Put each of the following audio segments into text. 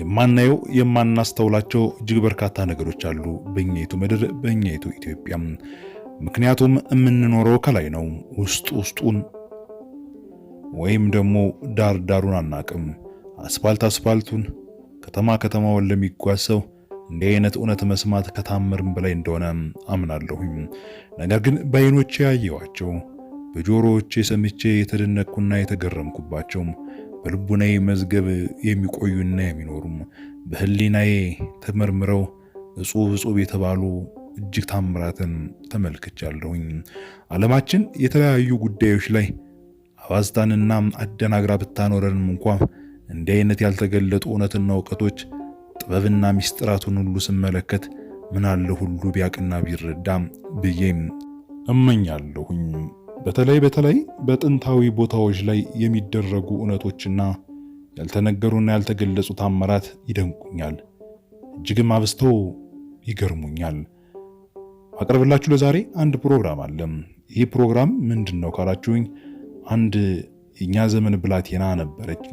የማናየው የማናስተውላቸው እጅግ በርካታ ነገሮች አሉ በእኛይቱ ምድር በእኛይቱ ኢትዮጵያ። ምክንያቱም የምንኖረው ከላይ ነው፣ ውስጥ ውስጡን ወይም ደግሞ ዳር ዳሩን አናቅም። አስፋልት አስፋልቱን፣ ከተማ ከተማውን ለሚጓዝ ሰው እንዲህ አይነት እውነት መስማት ከታምርም በላይ እንደሆነ አምናለሁኝ። ነገር ግን በአይኖቼ ያየኋቸው በጆሮዎቼ ሰምቼ የተደነቅኩና የተገረምኩባቸው በልቡናዬ መዝገብ የሚቆዩና የሚኖሩም በህሊናዬ ተመርምረው እጹብ እጹብ የተባሉ እጅግ ታምራትን ተመልክቻለሁኝ። ዓለማችን የተለያዩ ጉዳዮች ላይ አባዝታንና አደናግራ ብታኖረንም እንኳ እንዲህ አይነት ያልተገለጡ እውነትና እውቀቶች ጥበብና ሚስጥራቱን ሁሉ ስመለከት ምናለ ሁሉ ቢያቅና ቢረዳም ብዬም እመኛለሁኝ። በተለይ በተለይ በጥንታዊ ቦታዎች ላይ የሚደረጉ እውነቶችና ያልተነገሩና ያልተገለጹ ታምራት ይደንቁኛል፣ እጅግም አብስተው ይገርሙኛል። አቅርብላችሁ ለዛሬ አንድ ፕሮግራም አለ። ይህ ፕሮግራም ምንድን ነው ካላችሁኝ፣ አንድ የእኛ ዘመን ብላቴና ነበረች።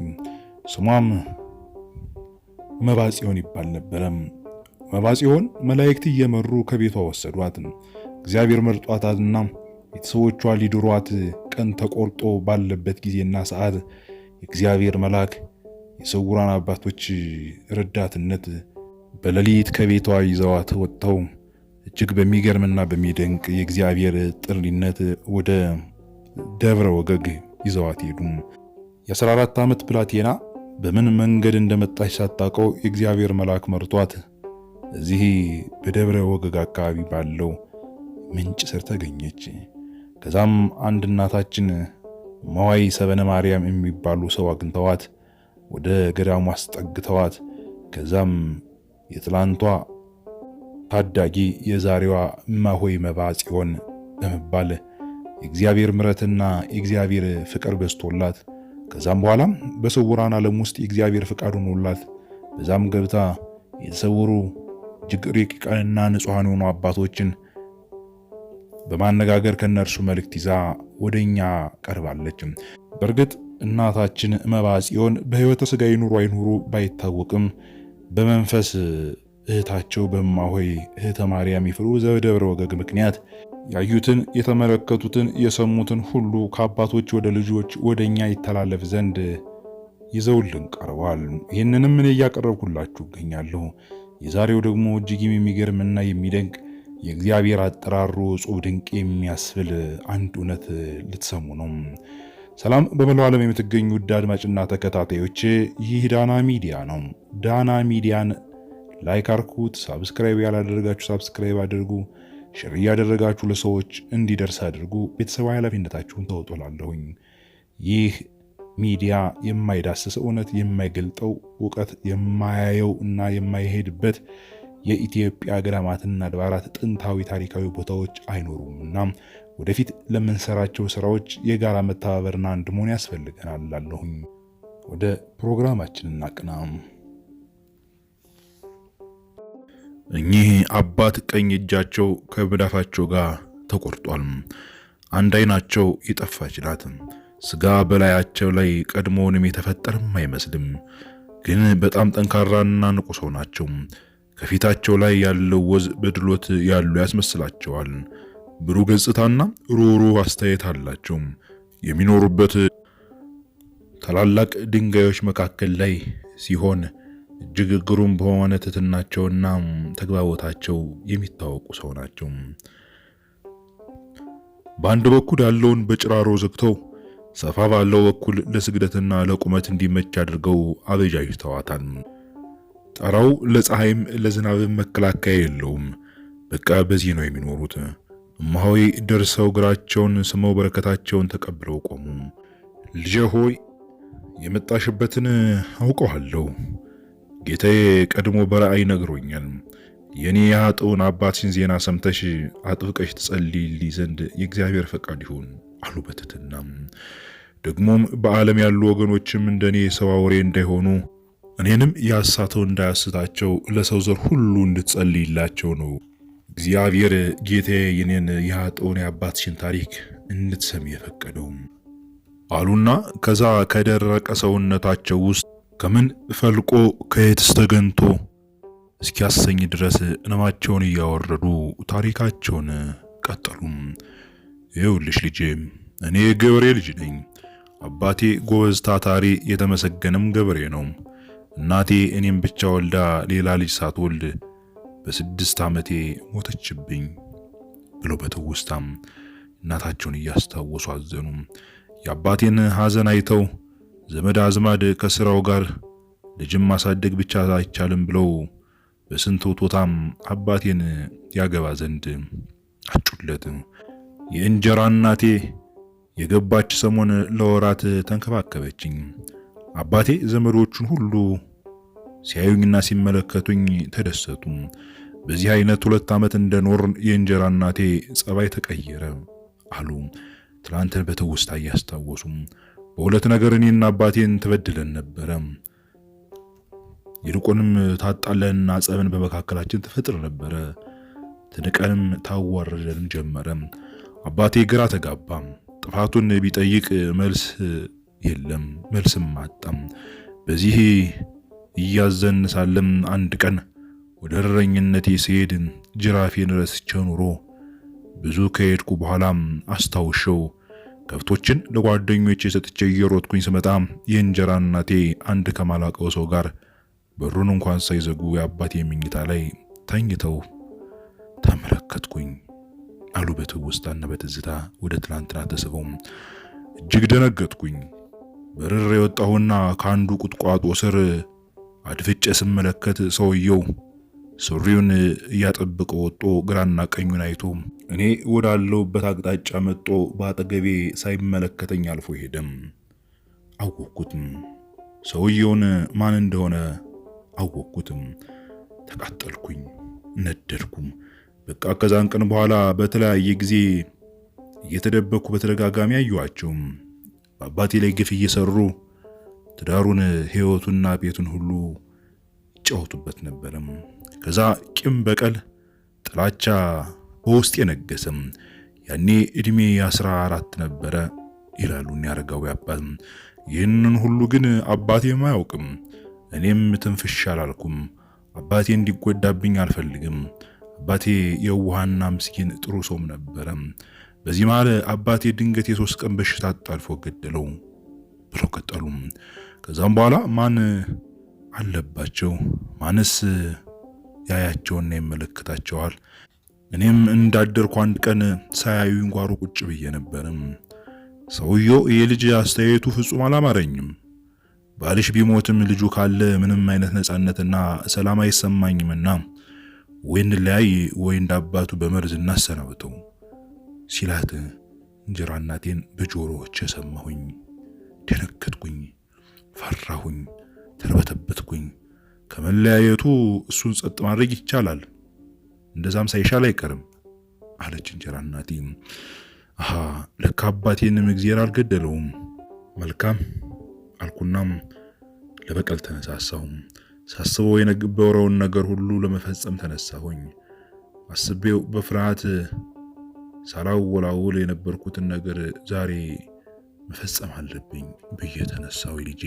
ስሟም መባጽዮን ይባል ነበረም። መባጽዮን መላእክት እየመሩ ከቤቷ ወሰዷት። እግዚአብሔር መርጧታልና ቤተሰቦቿ ሊድሯት ቀን ተቆርጦ ባለበት ጊዜና ሰዓት የእግዚአብሔር መልአክ የስውራን አባቶች ረዳትነት በሌሊት ከቤቷ ይዘዋት ወጥተው እጅግ በሚገርምና በሚደንቅ የእግዚአብሔር ጥሪነት ወደ ደብረ ወገግ ይዘዋት ሄዱ። የ14 ዓመት ብላቴና በምን መንገድ እንደመጣች ሳታውቀው የእግዚአብሔር መልአክ መርቷት እዚህ በደብረ ወገግ አካባቢ ባለው ምንጭ ስር ተገኘች። ከዛም አንድ እናታችን መዋይ ሰበነ ማርያም የሚባሉ ሰው አግኝተዋት ወደ ገዳሙ አስጠግተዋት ከዛም የትላንቷ ታዳጊ የዛሬዋ እማሆይ መባ ጽዮን በመባል የእግዚአብሔር ምረትና የእግዚአብሔር ፍቅር በዝቶላት ከዛም በኋላም በስውራን ዓለም ውስጥ የእግዚአብሔር ፍቃድ ሆኖላት በዛም ገብታ የተሰወሩ እጅግ ረቂቃንና ንጹሐን የሆኑ አባቶችን በማነጋገር ከነርሱ መልእክት ይዛ ወደ እኛ ቀርባለች። በእርግጥ እናታችን እመባ ጽዮን በሕይወተ ሥጋዊ ኑሮ አይኑሩ ባይታወቅም በመንፈስ እህታቸው በማሆይ እህተ ማርያም ይፍሩ ዘደብረ ወገግ ምክንያት ያዩትን የተመለከቱትን የሰሙትን ሁሉ ከአባቶች ወደ ልጆች ወደ እኛ ይተላለፍ ዘንድ ይዘውልን ቀርቧል። ይህንንም እኔ እያቀረብኩላችሁ እገኛለሁ። የዛሬው ደግሞ እጅግም የሚገርምና የሚደንቅ የእግዚአብሔር አጠራሩ እጹብ ድንቅ የሚያስብል አንድ እውነት ልትሰሙ ነው። ሰላም በመላው ዓለም የምትገኙ ውድ አድማጭና ተከታታዮች ይህ ዳና ሚዲያ ነው። ዳና ሚዲያን ላይክ አርኩት፣ ሳብስክራይብ ያላደረጋችሁ ሳብስክራይብ አድርጉ፣ ሽር እያደረጋችሁ ለሰዎች እንዲደርስ አድርጉ። ቤተሰባዊ ኃላፊነታችሁን ተወጦላለሁኝ። ይህ ሚዲያ የማይዳስሰው እውነት የማይገልጠው እውቀት የማያየው እና የማይሄድበት የኢትዮጵያ ገዳማትና አድባራት ጥንታዊ ታሪካዊ ቦታዎች አይኖሩም እና ወደፊት ለምንሰራቸው ስራዎች የጋራ መተባበርና አንድ መሆን ያስፈልገናል ላለሁኝ። ወደ ፕሮግራማችን እናቅና። እኚህ አባት ቀኝ እጃቸው ከመዳፋቸው ጋር ተቆርጧል። አንድ አይናቸው የጠፋች ናት። ስጋ በላያቸው ላይ ቀድሞውንም የተፈጠረም አይመስልም። ግን በጣም ጠንካራና ንቁ ሰው ናቸው። ከፊታቸው ላይ ያለው ወዝ በድሎት ያሉ ያስመስላቸዋል። ብሩህ ገጽታና ሩህሩህ አስተያየት አላቸው። የሚኖሩበት ታላላቅ ድንጋዮች መካከል ላይ ሲሆን እጅግ ግሩም በሆነ ትትናቸውና ተግባቦታቸው የሚታወቁ ሰው ናቸው። በአንድ በኩል ያለውን በጭራሮ ዘግተው ሰፋ ባለው በኩል ለስግደትና ለቁመት እንዲመች አድርገው አበጃጅተዋታል። ጣራው ለፀሐይም ለዝናብም መከላከያ የለውም። በቃ በዚህ ነው የሚኖሩት። እማሆይ ደርሰው እግራቸውን ስመው በረከታቸውን ተቀብለው ቆሙ። ልጄ ሆይ የመጣሽበትን አውቀዋለሁ። ጌታዬ ቀድሞ በራእይ ነግሮኛል። የኔ የአጥውን አባትሽን ዜና ሰምተሽ አጥብቀሽ ትጸልይልኝ ዘንድ የእግዚአብሔር ፈቃድ ይሁን አሉ በትትና ደግሞም በዓለም ያሉ ወገኖችም እንደኔ ሰው አውሬ እንዳይሆኑ እኔንም ያሳተው እንዳያስታቸው ለሰው ዘር ሁሉ እንድትጸልይላቸው ነው። እግዚአብሔር ጌታዬ የኔን የአጦን የአባትሽን ታሪክ እንድትሰም የፈቀደውም አሉና ከዛ ከደረቀ ሰውነታቸው ውስጥ ከምን ፈልቆ ከየትስ ተገንቶ እስኪያሰኝ ድረስ እንባቸውን እያወረዱ ታሪካቸውን ቀጠሉም። ይኸውልሽ ልጄ እኔ ገበሬ ልጅ ነኝ። አባቴ ጎበዝ ታታሪ የተመሰገነም ገበሬ ነው። እናቴ እኔም ብቻ ወልዳ ሌላ ልጅ ሳትወልድ በስድስት ዓመቴ ሞተችብኝ ብለው በትውስታም እናታቸውን እያስታወሱ አዘኑ። የአባቴን ሐዘን አይተው ዘመድ አዝማድ ከስራው ጋር ልጅም ማሳደግ ብቻ አይቻልም ብለው በስንት ቶታም አባቴን ያገባ ዘንድ አጩለት። የእንጀራ እናቴ የገባች ሰሞን ለወራት ተንከባከበችኝ። አባቴ ዘመዶቹን ሁሉ ሲያዩኝና ሲመለከቱኝ ተደሰቱ። በዚህ አይነት ሁለት ዓመት እንደኖርን የእንጀራ እናቴ ጸባይ ተቀየረ አሉ። ትላንትን በትውስታ እያስታወሱ በሁለት ነገር እኔና አባቴን ተበድለን ነበረ። ይልቁንም ታጣለንና ጸብን በመካከላችን ትፈጥር ነበረ። ትንቀንም ታዋርደንም ጀመረ። አባቴ ግራ ተጋባ። ጥፋቱን ቢጠይቅ መልስ የለም መልስም አጣም። በዚህ እያዘን ሳለም አንድ ቀን ወደ እረኝነቴ ስሄድ ጅራፌን ረስቼው ኑሮ ብዙ ከሄድኩ በኋላም አስታውሸው ከብቶችን ለጓደኞች ሰጥቼ እየሮጥኩኝ ስመጣ የእንጀራ እናቴ አንድ ከማላቀው ሰው ጋር በሩን እንኳን ሳይዘጉ የአባቴ መኝታ ላይ ተኝተው ተመለከትኩኝ አሉ በትውስታና በትዝታ ወደ ትላንትና ተስበው እጅግ ደነገጥኩኝ። በርር የወጣሁና ከአንዱ ቁጥቋጦ ስር አድፍጬ ስመለከት ሰውየው ሱሪውን እያጠበቀ ወጦ ግራና ቀኙን አይቶ እኔ ወዳለሁበት አቅጣጫ መጦ በአጠገቤ ሳይመለከተኝ አልፎ ሄደም። አወቅኩትም። ሰውየውን ማን እንደሆነ አወቅኩትም። ተቃጠልኩኝ፣ ነደድኩም። በቃ ከዛን ቀን በኋላ በተለያየ ጊዜ እየተደበቅኩ በተደጋጋሚ አየኋቸውም። በአባቴ ላይ ግፍ እየሰሩ ትዳሩን ህይወቱና ቤቱን ሁሉ ይጫወቱበት ነበረም። ከዛ ቂም በቀል፣ ጥላቻ በውስጥ የነገሰም። ያኔ እድሜ አስራ አራት ነበረ ይላሉ ያረጋዊ አባት። ይህንን ሁሉ ግን አባቴም አያውቅም። እኔም ትንፍሽ አላልኩም። አባቴ እንዲጎዳብኝ አልፈልግም። አባቴ የውሃና ምስኪን ጥሩ ሰውም ነበረ። በዚህ መሃል አባቴ ድንገት የሶስት ቀን በሽታ አጣልፎ ገደለው ብለው ቀጠሉም። ከዛም በኋላ ማን አለባቸው? ማንስ ያያቸውና ይመለከታቸዋል? እኔም እንዳደርኩ አንድ ቀን ሳያዩኝ ጓሮ ቁጭ ብዬ ነበርም። ሰውየው የልጅ አስተያየቱ ፍጹም አላማረኝም። ባልሽ ቢሞትም ልጁ ካለ ምንም አይነት ነጻነትና ሰላም አይሰማኝምና ወይ እንለያይ ወይ እንዳባቱ በመርዝ እናሰናብተው ሲላት እንጀራ እናቴን በጆሮዎች ሰማሁኝ። ደነከትኩኝ ፈራሁኝ፣ ተርበተበትኩኝ። ከመለያየቱ እሱን ጸጥ ማድረግ ይቻላል፣ እንደዛም ሳይሻል አይቀርም አለች እንጀራ እናቴ። አሃ ለካ አባቴንም እግዜር አልገደለውም። መልካም አልኩናም ለበቀል ተነሳሳሁም ሳስበው የነግበረውን ነገር ሁሉ ለመፈጸም ተነሳሁኝ። አስቤው በፍርሃት ሳላወላውል የነበርኩትን ነገር ዛሬ መፈጸም አለብኝ ብዬ ተነሳው ልጄ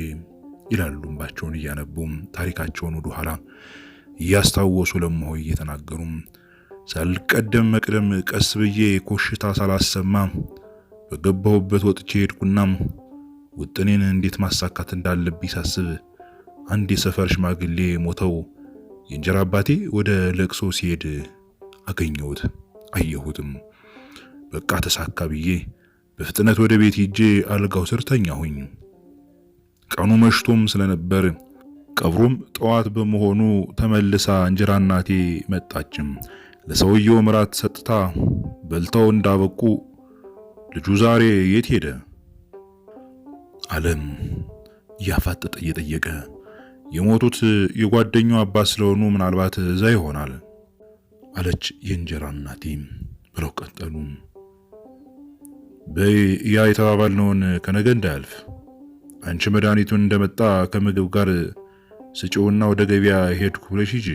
ይላሉ እንባቸውን እያነቡም ታሪካቸውን ወደ ኋላ እያስታወሱ ለመሆይ እየተናገሩም ሳልቀደም መቅደም ቀስ ብዬ ኮሽታ ሳላሰማ በገባሁበት ወጥቼ ሄድኩና ውጥኔን እንዴት ማሳካት እንዳለብኝ ሳስብ አንድ የሰፈር ሽማግሌ ሞተው የእንጀራ አባቴ ወደ ለቅሶ ሲሄድ አገኘሁት፣ አየሁትም። በቃ ተሳካ ብዬ በፍጥነት ወደ ቤት ሄጄ አልጋው ስር ተኛሁኝ። ቀኑ መሽቶም ስለነበር ቀብሩም ጠዋት በመሆኑ ተመልሳ እንጀራ እናቴ መጣችም። ለሰውየው ምራት ሰጥታ በልተው እንዳበቁ ልጁ ዛሬ የት ሄደ አለም እያፋጠጠ እየጠየቀ የሞቱት የጓደኛው አባት ስለሆኑ ምናልባት እዛ ይሆናል አለች የእንጀራ እናቴ ብለው ቀጠሉ። በይ ያ የተባባልነውን ከነገ እንዳያልፍ። አንቺ መድኃኒቱን እንደመጣ ከምግብ ጋር ስጭውና ወደ ገቢያ ሄድኩ ብለሽ ሂጂ።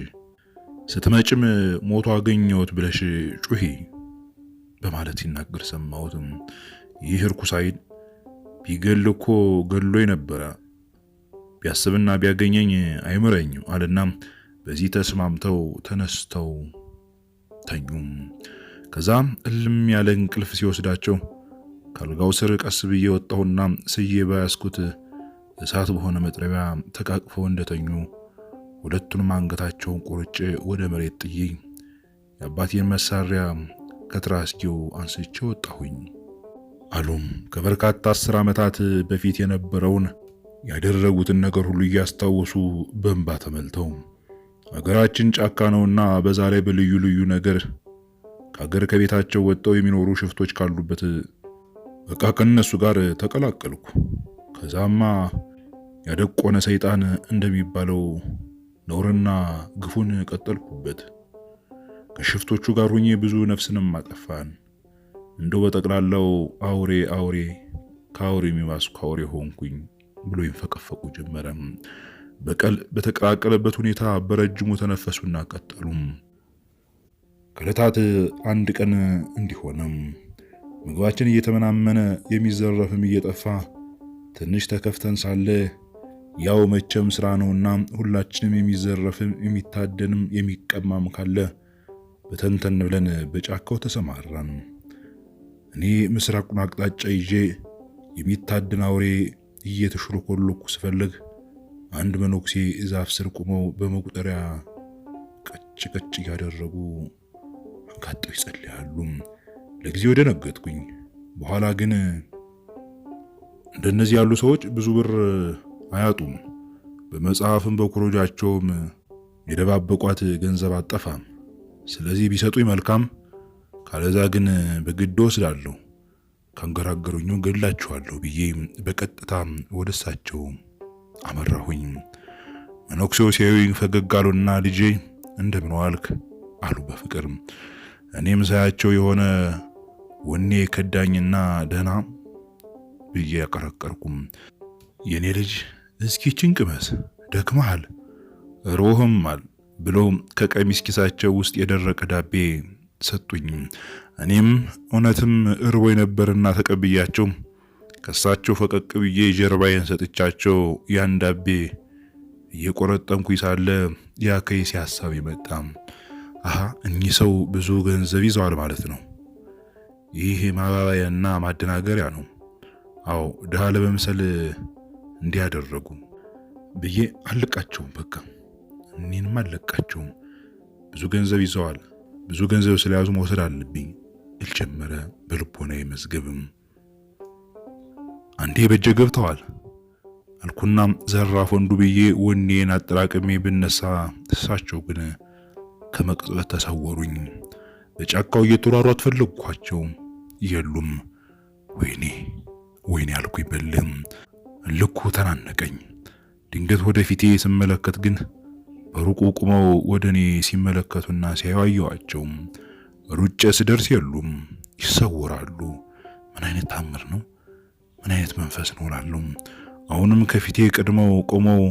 ስትመጭም ሞቶ አገኘሁት ብለሽ ጩሂ በማለት ሲናገር ሰማሁትም። ይህ እርኩስ አይን ቢገል እኮ ገሎኝ ነበረ ቢያስብና ቢያገኘኝ አይምረኝም አለና በዚህ ተስማምተው ተነስተው ተኙም። ከዛ እልም ያለ እንቅልፍ ሲወስዳቸው ካልጋው ስር ቀስ ብዬ ወጣሁና ስዬ በያዝኩት እሳት በሆነ መጥረቢያ ተቃቅፈው እንደተኙ ሁለቱንም አንገታቸውን ቆርጬ ወደ መሬት ጥዬ የአባቴን መሳሪያ ከትራስጌው አንስቼ ወጣሁኝ። አሉም ከበርካታ አስር ዓመታት በፊት የነበረውን ያደረጉትን ነገር ሁሉ እያስታወሱ በእንባ ተመልተው። አገራችን ጫካ ነውና በዛ ላይ በልዩ ልዩ ነገር ከአገር ከቤታቸው ወጥተው የሚኖሩ ሽፍቶች ካሉበት በቃ ከነሱ ጋር ተቀላቀልኩ። ከዛማ ያደቆነ ሰይጣን እንደሚባለው ነውርና ግፉን ቀጠልኩበት። ከሽፍቶቹ ጋር ሁኜ ብዙ ነፍስንም አጠፋን። እንደው በጠቅላላው አውሬ አውሬ ከአውሬ የሚባስኩ አውሬ ሆንኩኝ ብሎ ይንፈቀፈቁ ጀመረም። በቀል በተቀላቀለበት ሁኔታ በረጅሙ ተነፈሱና ቀጠሉም። ከዕለታት አንድ ቀን እንዲሆነም ምግባችን እየተመናመነ የሚዘረፍም እየጠፋ ትንሽ ተከፍተን ሳለ ያው መቼም ስራ ነውና ሁላችንም የሚዘረፍም የሚታደንም የሚቀማም ካለ በተንተን ብለን በጫካው ተሰማራን። እኔ ምስራቁን አቅጣጫ ይዤ የሚታደን አውሬ እየተሽሎኮሎኩ ስፈልግ አንድ መነኩሴ ዛፍ ስር ቁመው በመቁጠሪያ ቀጭ ቀጭ እያደረጉ አጋጠው ይጸልያሉ። ለጊዜው ደነገጥኩኝ። በኋላ ግን እንደነዚህ ያሉ ሰዎች ብዙ ብር አያጡም። በመጽሐፍም በኩሮጃቸውም የደባበቋት ገንዘብ አጠፋም። ስለዚህ ቢሰጡኝ መልካም፣ ካለዛ ግን በግድ ወስዳለሁ፣ ካንገራገሩኝ ገድላችኋለሁ ብዬ በቀጥታ ወደ እሳቸው አመራሁኝ። መነኩሴው ሲያዩኝ ፈገግ አሉና ልጄ እንደምን ዋልክ አሉ በፍቅር። እኔም ሳያቸው የሆነ ወኔ ከዳኝና ደህና ብዬ ያቀረቀርኩም የእኔ ልጅ እስኪ ችንቅመስ ደክመሃል፣ ሮህማል ብለው ከቀሚስ ኪሳቸው ውስጥ የደረቀ ዳቤ ሰጡኝ። እኔም እውነትም እርቦ የነበርና ተቀብያቸው ከሳቸው ፈቀቅ ብዬ ጀርባዬን ሰጥቻቸው ያን ዳቤ እየቆረጠምኩ ሳለ ያ ከይሴ ሀሳብ ይመጣ። አሃ እኚህ ሰው ብዙ ገንዘብ ይዘዋል ማለት ነው። ይህ ማባበያና ማደናገሪያ ነው። አዎ ድሃ ለመምሰል እንዲያደረጉ ብዬ አልቃቸውም። በቃ እኔንም አልለቃቸውም። ብዙ ገንዘብ ይዘዋል። ብዙ ገንዘብ ስለያዙ መውሰድ አለብኝ እልጀመረ በልቦና መዝገብም አንዴ በጀ ገብተዋል አልኩናም ዘራፍ ወንዱ ብዬ ወኔን አጠራቅሜ ብነሳ እሳቸው ግን ከመቅጽበት ተሰወሩኝ። በጫካው እየተሯሯጥ ፈለግኳቸው፣ የሉም። ወይኔ ወይኔ አልኩ ይበልህም ልኩ ተናነቀኝ። ድንገት ወደፊቴ ስመለከት ግን በሩቁ ቁመው ወደ እኔ ሲመለከቱና ሲያዩ አየኋቸው። ሩጬ ስደርስ የሉም፣ ይሰወራሉ። ምን አይነት ታምር ነው? ምን አይነት መንፈስ ነው እላለሁ። አሁንም ከፊቴ ቀድመው ቆመው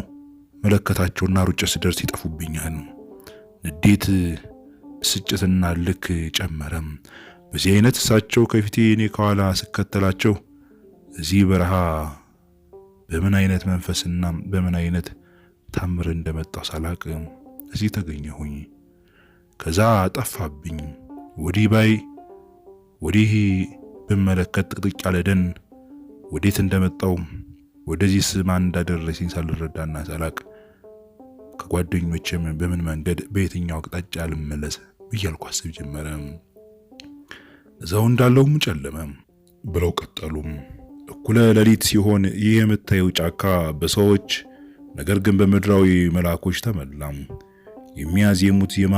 መለከታቸውና ሩጬ ስደርስ ይጠፉብኛል። ንዴት ብስጭትና ልክ ጨመረም። በዚህ አይነት እሳቸው ከፊቴ እኔ ከኋላ ስከተላቸው እዚህ በረሃ በምን አይነት መንፈስና በምን አይነት ታምር እንደመጣው ሳላቅ እዚህ ተገኘሁኝ። ከዛ ጠፋብኝ። ወዲህ ባይ ወዲህ ብመለከት ጥቅጥቅ ያለ ደን፣ ወዴት እንደመጣው ወደዚህ ስማ እንዳደረሰኝ ሳልረዳና ሳላቅ ከጓደኞችም በምን መንገድ በየትኛው አቅጣጫ ልመለስ እያልኩ አስብ ጀመረ። እዛው እንዳለውም ጨለመ ብለው ቀጠሉም። እኩለ ሌሊት ሲሆን ይህ የምታየው ጫካ በሰዎች ነገር ግን በምድራዊ መልአኮች ተሞላም። የሚያዜሙት ዜማ፣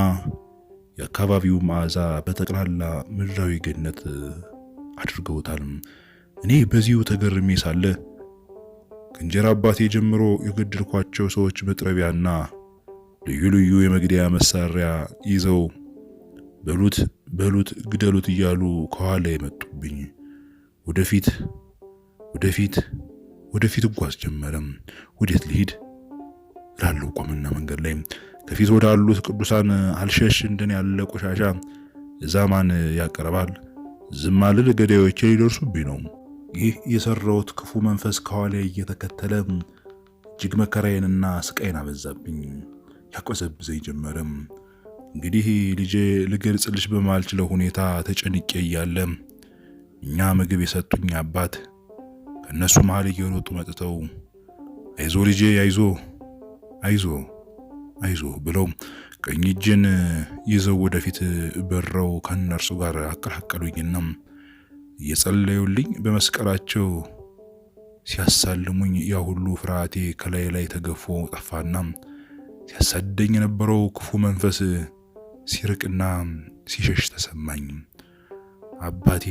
የአካባቢው መዓዛ በጠቅላላ ምድራዊ ገነት አድርገውታል። እኔ በዚሁ ተገርሜ ሳለ ከእንጀራ አባቴ ጀምሮ የገደልኳቸው ሰዎች መጥረቢያና ልዩ ልዩ የመግደያ መሳሪያ ይዘው በሉት በሉት ግደሉት እያሉ ከኋላ የመጡብኝ። ወደፊት ወደፊት ወደፊት እጓዝ ጀመረም። ወዴት ልሂድ ላለው ቆምና መንገድ ላይ ከፊት ወዳሉት ቅዱሳን አልሸሽ እንደኔ ያለ ቆሻሻ እዛ ማን ያቀርባል? ዝም አልል፣ ገዳዮቼ ሊደርሱብኝ ነው። ይህ የሰራሁት ክፉ መንፈስ ከኋላ እየተከተለ እጅግ መከራዬንና ስቃይን አበዛብኝ፣ ያቅበዘብዘኝ ጀመረም። እንግዲህ ልጄ ልገልጽልሽ በማልችለው ሁኔታ ተጨንቄ እያለ እኛ ምግብ የሰጡኝ አባት ከእነሱ መሀል እየሮጡ መጥተው አይዞ ልጄ አይዞ አይዞ አይዞ ብለው ቀኝ እጄን ይዘው ወደፊት በረው ከእነርሱ ጋር አቀላቀሉኝና እየጸለዩልኝ በመስቀላቸው ሲያሳልሙኝ ያ ሁሉ ፍርሃቴ ከላይ ላይ ተገፎ ጠፋና ሲያሳደኝ የነበረው ክፉ መንፈስ ሲርቅና ሲሸሽ ተሰማኝ። አባቴ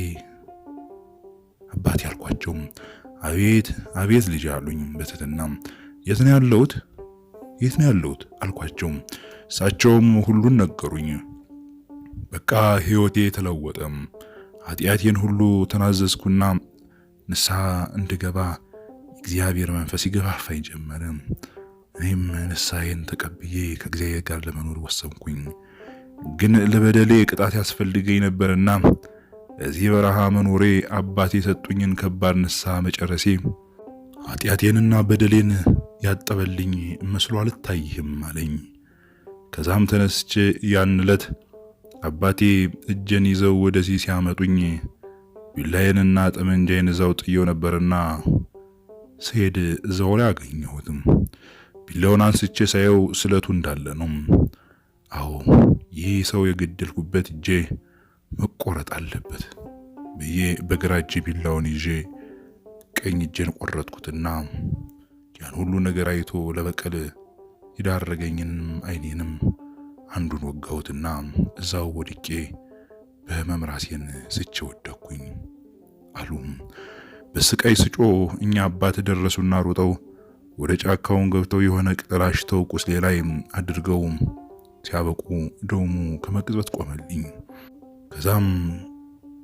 አባቴ አልኳቸው። አቤት አቤት ልጅ አሉኝ በትህትና። የት ነው ያለሁት የት ነው ያለሁት አልኳቸው። እሳቸውም ሁሉን ነገሩኝ። በቃ ህይወቴ ተለወጠ። ኃጢአቴን ሁሉ ተናዘዝኩና ንስሐ እንድገባ እግዚአብሔር መንፈስ ይገፋፋኝ ጀመረ። እኔም ንስሐዬን ተቀብዬ ከእግዚአብሔር ጋር ለመኖር ወሰንኩኝ። ግን ለበደሌ ቅጣት ያስፈልገኝ ነበርና እዚህ በረሃ መኖሬ አባቴ የሰጡኝን ከባድ ንስሐ መጨረሴ ኃጢአቴንና በደሌን ያጠበልኝ መስሎ አልታይህም አለኝ። ከዛም ተነስቼ ያን ዕለት አባቴ እጄን ይዘው ወደዚህ ሲያመጡኝ ቢላዬንና ጠመንጃዬን እዛው ጥየው ነበርና ስሄድ እዛው ላይ አገኘሁትም። ቢላውን አንስቼ ሳየው ስለቱ እንዳለ ነው። አዎ ይህ ሰው የገደልኩበት እጄ መቆረጥ አለበት ብዬ በግራ እጄ ቢላውን ይዤ ቀኝ እጄን ቆረጥኩትና ያን ሁሉ ነገር አይቶ ለበቀል የዳረገኝንም አይኔንም አንዱን ወጋሁትና እዛው ወድቄ በህመም ራሴን ስቼ ወደኩኝ አሉም። በስቃይ ስጮ እኛ አባት ደረሱና ሮጠው ወደ ጫካውን ገብተው የሆነ ቅጠል አሽተው ቁስሌ ላይ አድርገው ሲያበቁ ደሙ ከመቅጽበት ቆመልኝ። ከዛም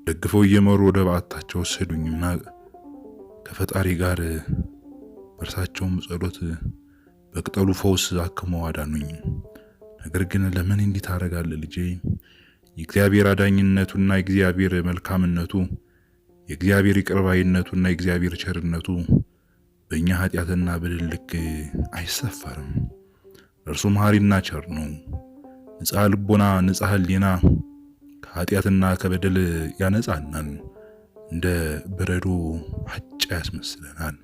ደግፈው እየመሩ ወደ በዓታቸው ወሰዱኝና ከፈጣሪ ጋር በእርሳቸውም ጸሎት በቅጠሉ ፈውስ አክመው አዳኑኝ። ነገር ግን ለምን እንዲት ታደርጋለህ ልጄ? የእግዚአብሔር አዳኝነቱና የእግዚአብሔር መልካምነቱ የእግዚአብሔር ይቅርባይነቱና የእግዚአብሔር ቸርነቱ በእኛ ኃጢአትና በደል ልክ አይሰፈርም። እርሱ መሐሪና ቸር ነው። ንጽሐ ልቦና፣ ንጽሐ ሕሊና ከኃጢአትና ከበደል ያነጻናል። እንደ በረዶ ሐጫ ያስመስለናል።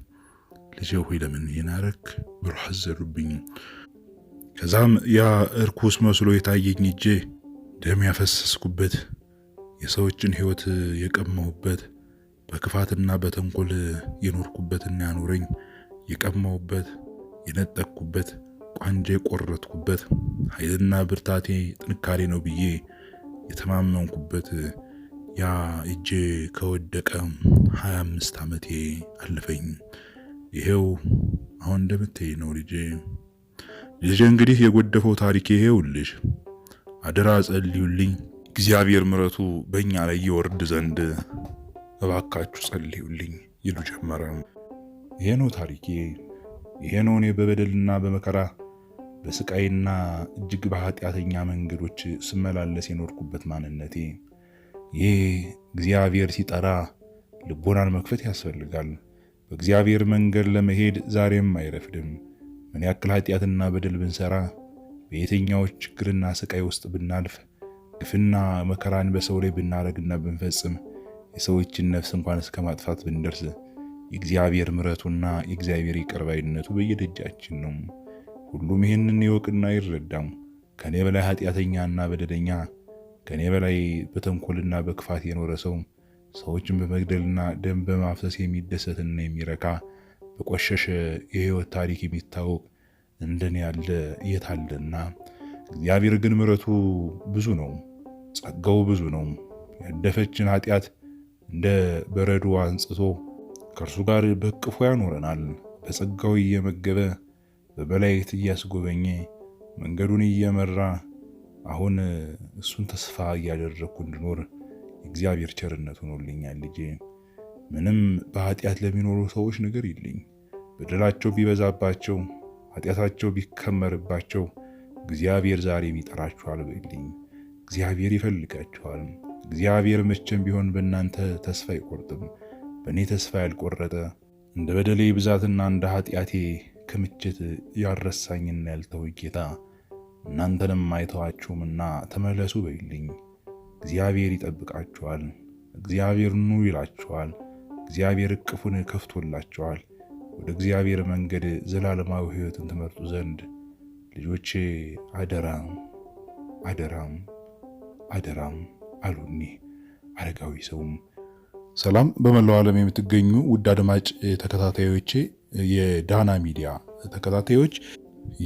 ልጄ ሆይ ለምን ይህን አረክ ብሎ ከዛም ያ እርኩስ መስሎ የታየኝ እጄ ደም ያፈሰስኩበት የሰዎችን ሕይወት የቀማሁበት በክፋትና በተንኮል የኖርኩበትና ያኖረኝ የቀማሁበት የነጠቅኩበት አንጀ የቆረጥኩበት ኃይልና ብርታቴ ጥንካሬ ነው ብዬ የተማመንኩበት ያ እጄ ከወደቀ 25 ዓመቴ አለፈኝ። ይሄው አሁን እንደምትይ ነው ልጄ። ልጄ እንግዲህ የጎደፈው ታሪኬ ይሄውልሽ። አደራ ጸልዩልኝ፣ እግዚአብሔር ምረቱ በእኛ ላይ ይወርድ ዘንድ እባካችሁ ጸልዩልኝ ይሉ ጀመረ። ይሄ ነው ታሪኬ፣ ይሄ ነው እኔ በበደልና በመከራ በስቃይና እጅግ በኃጢአተኛ መንገዶች ስመላለስ የኖርኩበት ማንነቴ ይህ እግዚአብሔር ሲጠራ ልቦናን መክፈት ያስፈልጋል። በእግዚአብሔር መንገድ ለመሄድ ዛሬም አይረፍድም። ምን ያክል ኃጢአትና በደል ብንሰራ፣ በየትኛዎች ችግርና ስቃይ ውስጥ ብናልፍ፣ ግፍና መከራን በሰው ላይ ብናደርግና ብንፈጽም፣ የሰዎችን ነፍስ እንኳን እስከ ማጥፋት ብንደርስ፣ የእግዚአብሔር ምረቱና የእግዚአብሔር ይቅርባይነቱ በየደጃችን ነው። ሁሉም ይህንን ይወቅና ይረዳም። ከኔ በላይ ኃጢአተኛና በደለኛ ከኔ በላይ በተንኮልና በክፋት የኖረ ሰው ሰዎችን በመግደልና ደም በማፍሰስ የሚደሰትና የሚረካ በቆሸሸ የህይወት ታሪክ የሚታወቅ እንደኔ ያለ የታለና? እግዚአብሔር ግን ምረቱ ብዙ ነው፣ ጸጋው ብዙ ነው። ያደፈችን ኃጢአት እንደ በረዶ አንጽቶ ከእርሱ ጋር በቅፎ ያኖረናል። በጸጋው እየመገበ በበላይት እያስጎበኘ መንገዱን እየመራ አሁን እሱን ተስፋ እያደረግኩ እንድኖር እግዚአብሔር ቸርነት ሆኖልኛል። ልጄ ምንም በኃጢአት ለሚኖሩ ሰዎች ነገር የለኝ። በደላቸው ቢበዛባቸው፣ ኃጢአታቸው ቢከመርባቸው እግዚአብሔር ዛሬም ይጠራችኋል በልኝ። እግዚአብሔር ይፈልጋችኋል። እግዚአብሔር መቼም ቢሆን በእናንተ ተስፋ አይቆርጥም። በእኔ ተስፋ ያልቆረጠ እንደ በደሌ ብዛትና እንደ ኃጢአቴ ክምችት ያረሳኝና ያልተው ጌታ እናንተንም አይተዋችሁምና ተመለሱ በይልኝ። እግዚአብሔር ይጠብቃችኋል፣ እግዚአብሔር ኑ ይላችኋል፣ እግዚአብሔር እቅፉን ከፍቶላችኋል። ወደ እግዚአብሔር መንገድ ዘላለማዊ ሕይወትን ትመርጡ ዘንድ ልጆቼ አደራም አደራም አደራም አሉኒ አረጋዊ ሰውም ሰላም በመላው ዓለም የምትገኙ ውድ አድማጭ ተከታታዮቼ፣ የዳና ሚዲያ ተከታታዮች፣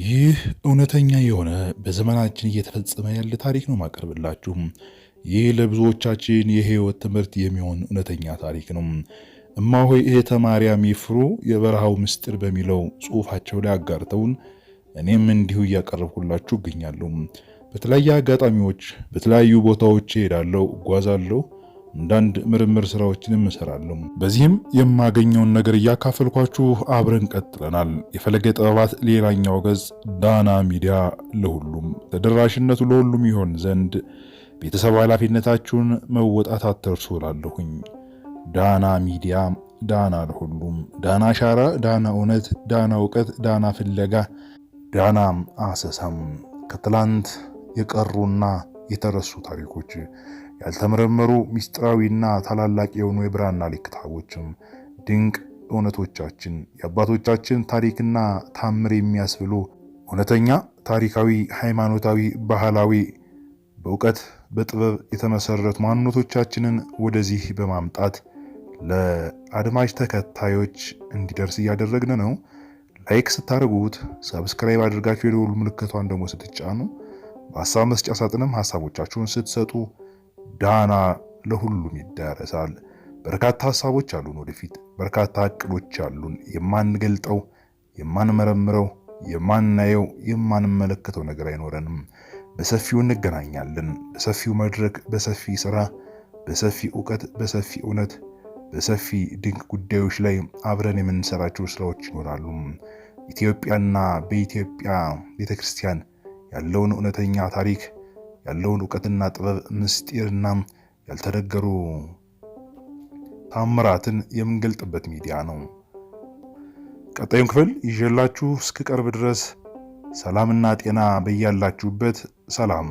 ይህ እውነተኛ የሆነ በዘመናችን እየተፈጸመ ያለ ታሪክ ነው ማቀርብላችሁ። ይህ ለብዙዎቻችን የህይወት ትምህርት የሚሆን እውነተኛ ታሪክ ነው። እማሆይ እህተ ማርያም ይፍሩ የበረሃው ምስጢር በሚለው ጽሁፋቸው ላይ አጋርተውን እኔም እንዲሁ እያቀረብኩላችሁ እገኛለሁ። በተለያየ አጋጣሚዎች በተለያዩ ቦታዎች እሄዳለሁ፣ እጓዛለሁ አንዳንድ ምርምር ስራዎችን እሰራለሁ። በዚህም የማገኘውን ነገር እያካፈልኳችሁ አብረን ቀጥለናል። የፈለገ ጥበባት ሌላኛው ገጽ ዳና ሚዲያ ለሁሉም ተደራሽነቱ ለሁሉም ይሆን ዘንድ ቤተሰብ ኃላፊነታችሁን መወጣት አትርሱ እላለሁኝ። ዳና ሚዲያ፣ ዳና ለሁሉም፣ ዳና አሻራ፣ ዳና እውነት፣ ዳና እውቀት፣ ዳና ፍለጋ፣ ዳና አሰሳም ከትላንት የቀሩና የተረሱ ታሪኮች ያልተመረመሩ ሚስጥራዊና ታላላቅ የሆኑ የብራና ሊቅ ድንቅ እውነቶቻችን የአባቶቻችን ታሪክና ታምር የሚያስብሉ እውነተኛ ታሪካዊ፣ ሃይማኖታዊ፣ ባህላዊ በእውቀት በጥበብ የተመሰረቱ ማንነቶቻችንን ወደዚህ በማምጣት ለአድማጭ ተከታዮች እንዲደርስ እያደረግን ነው። ላይክ ስታደርጉት ሰብስክራይብ አድርጋችሁ የደወሉ ምልክቷን ደግሞ ስትጫኑ በሀሳብ መስጫ ሳጥንም ሀሳቦቻችሁን ስትሰጡ ዳና ለሁሉም ይዳረሳል። በርካታ ሀሳቦች አሉን፣ ወደፊት በርካታ እቅዶች አሉን። የማንገልጠው የማንመረምረው የማናየው የማንመለከተው ነገር አይኖረንም። በሰፊው እንገናኛለን፣ በሰፊው መድረክ፣ በሰፊ ስራ፣ በሰፊ እውቀት፣ በሰፊ እውነት፣ በሰፊ ድንቅ ጉዳዮች ላይ አብረን የምንሰራቸው ስራዎች ይኖራሉ። ኢትዮጵያና በኢትዮጵያ ቤተክርስቲያን ያለውን እውነተኛ ታሪክ ያለውን እውቀትና ጥበብ ምስጢርና ያልተደገሩ ታምራትን የምንገልጥበት ሚዲያ ነው። ቀጣዩን ክፍል ይዤላችሁ እስክቀርብ ድረስ ሰላምና ጤና በያላችሁበት ሰላም